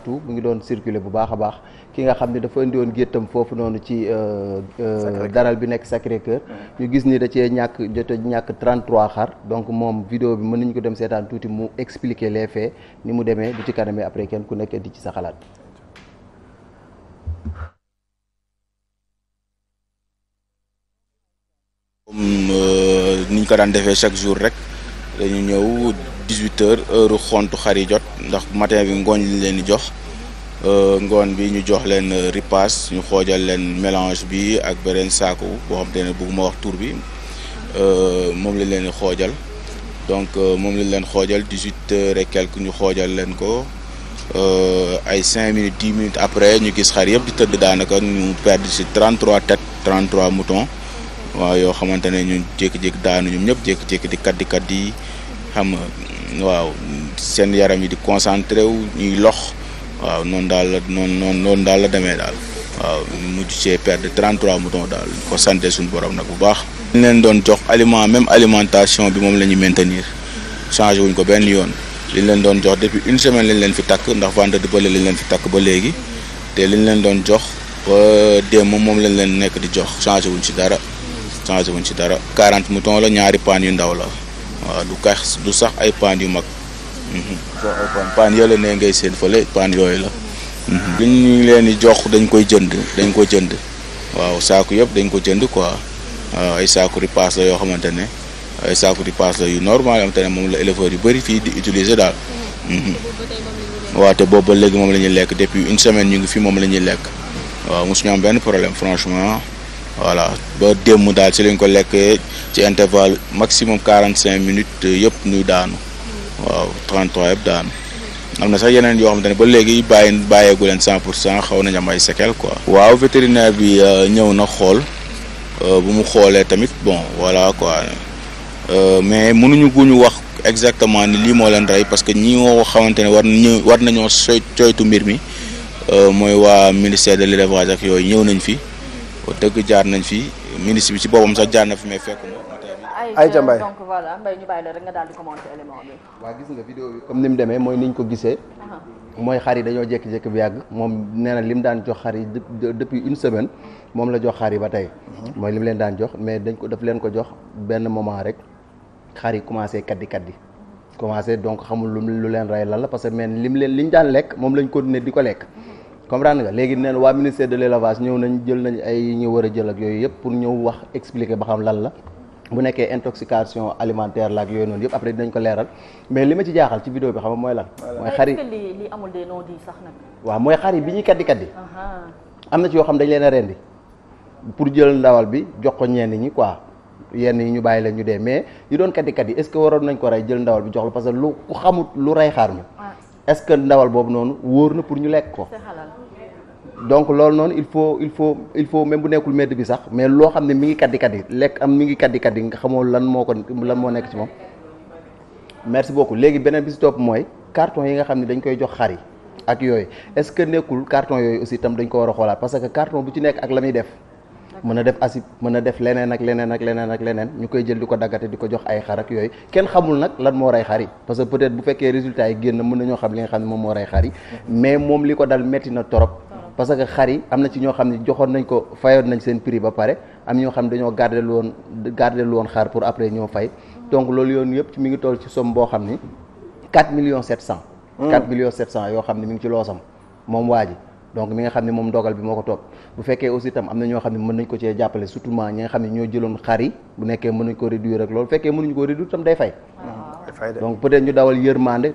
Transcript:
partout mu ngi doon circuler bu baax a baax ki nga xam ne dafa indi woon géttam foofu noonu ci euh, euh, daral bi nekk Sacré-Cœur mm-hmm. ñu gis ni da cee ñàkk jot a ñàkk 33 xar donc moom vidéo bi mën nañ ko dem seetaan tuuti mu expliquer les faits ni mu demee du ci kanamee après kenn ku nekk di ci sa xalaat comme euh, ko daan defee chaque jour rek 18 heures heure xontu xar yi jot ndax matin bi ngooñ lañ leen di jox euh, ngoon bi ñu jox leen euh, ripaas ñu xoojal leen mélange bi ak beneen saaku boo xam te ne bëgguma wax tur bi euh, moom lañ leen di xoojal donc moom lañ leen xoojal 18 heures et quelque ñu xoojal leen ko ay 5 minutes 10 minutes après ñu gis xar yëpp tëdd daanaka ñu perdre ci 33 têtes 33 moutons waaw yoo xamante ne ñun jékki-jékki daanu ñëpp jékki-jékki di kat di kat di xam nga waaw seen yaram yi di concentré wu ñuy lox waaw noonu daal la noonu noonu noonu daal la demee daal waaw mujj cee perte 33 moutons daal ko santé suñu nag bu baax. ñu leen doon jox aliment même alimentation bi moom la ñuy maintenir changé wuñ ko benn yoon liñ leen doon jox depuis une semaine lañ leen fi takk ndax vendredi bële lañ leen fi takk ba léegi te liñ leen doon jox ba démb moom lañ leen nekk di jox changé wuñ ci dara changé wuñ ci dara 40 moutons la ñaari paan yu ndaw la. waaw du kax du sax ay paan yu mag sax ay paan paan yële ngay seen fële paan yooyu la mm-hmm. li ñu leen di jox dañ koy jënd dañ ko jënd waaw saaku yëpp dañ ko jënd quoi waaw ay saaku ripaas la yoo xamante ne ay saaku ripaas la yu normal am te ne moom la éleveurs yu bëri fii di utiliser daal mm-hmm. waaw te boobu ba léegi moom la ñuy lekk depuis une semaine ñu ngi fi moom la lekk waaw mosuñu am benn problème franchement voilà ba démb daal ci lañ ko lekkee ci intervalle maximum quarante cinq minutes yëpp ñu daanu waaw 33 yëpp daanu am na sax yeneen yoo xamante ne ba léegi bàyyi bàyyeegu leen cent pour cent xaw nañ am ay séquelles quoi. waaw vétérinaire bi euh, ñëw na xool euh, bu mu xoolee tamit bon voilà quoi euh, mais gu ñu wax exactement ni lii moo leen rey parce que ñi nga xamante ne war nañu war nañoo soy coytu mbir mi mooy waa ministère de l'élevage ak yooyu ñëw nañ fi. ko dëgg jaar nañ fi ministre bi ci boppam sax jaar na fi may fekkuma. Aïcha euh, Mbaye waaw gis nga vidéo bi comme ni mu demee mooy ñu ko gisee. Uh-huh. mooy xar yi dañoo jékki-jékki bu yàgg moom nee na lim daan jox xar yi depuis une semaine moom la jox xar yi ba tey. Uh-huh. mooy lim leen daan jox mais dañ ko daf leen ko jox benn moment rek xar yi commencé kaddi kaddi. Uh-huh. commencé donc xamul lu lu leen rey lan la parce que mais lim leen liñ daan lekk moom lañ continuer di ko lekk. comprendre nga léegi neen waa ministère de l' élevage ñëw nañ jël nañ ay ñu war a jël ak yooyu yëpp pour ñëw wax expliquer ba xam lan la bu nekkee intoxication alimentaire la ak yooyu noonu yëpp après dinañ ko leeral mais li ma ci jaaxal ci vidéo bi xam nga mooy lan. mooy xari li li amul des bi ñuy kaddi kaddi. am na ci yoo xam dañ leen a rendi pour jël ndawal bi jox ko ñenn ñi quoi yenn yi ñu bàyyi la ñu dee mais yi doon kaddi kaddi est ce que waroon nañ ko rey jël ndawal bi jox la parce que lu ku xaar mi ah, est-ce que ndawal boobu noonu wóor na pour ñu lekk ko donc loolu noonu il faut il faut il faut même bu nekkul medd bi sax mais loo xam ne mi ngi kaddi kaddi lekk am mi ngi kaddi kaddi nga xamoo lan moo ko lan moo nekk ci moom merci beaucoup léegi beneen bi si topp mooy carton yi nga xam ne dañ koy jox xar yi ak yooyu est-ce que nekkul carton yooyu aussi tam dañ ko war a xoolaat parce que carton bu ci nekk ak la muy def mën a def asib mën a def leneen ak leneen ak leneen ak leneen ñu koy jël di ko daggate di ko jox ay xar ak yooyu kenn xamul nag lan moo rey xar yi parce que peut-être bu fekkee résultat yi génn mën nañoo xam li nga xam ne moom moo rey moom li ko dal metti na torop parce que xar yi am na ci ñoo xam ne joxoon nañ ko fayoon nañ seen prix ba pare am ñoo xam dañoo garder lu woon garder lu xar pour après ñoo fay donc loolu yoon yëpp mi ngi toll ci somme boo xam ni 4 millions 700. 4 hmm. millions 700 yoo xam ne mi ngi ci loosam moom waa ji donc mi nga xam ne moom ndogal bi moo ko topp bu fekkee aussi itam am na ñoo xam ne mën nañ ko cee jàppale surtout ñi nga xam ne ñoo jëloon xar yi bu nekkee mënuñ ko réduire ak loolu fekkee mënuñ ko réduire itam day fay donc peut ñu dawal yërmande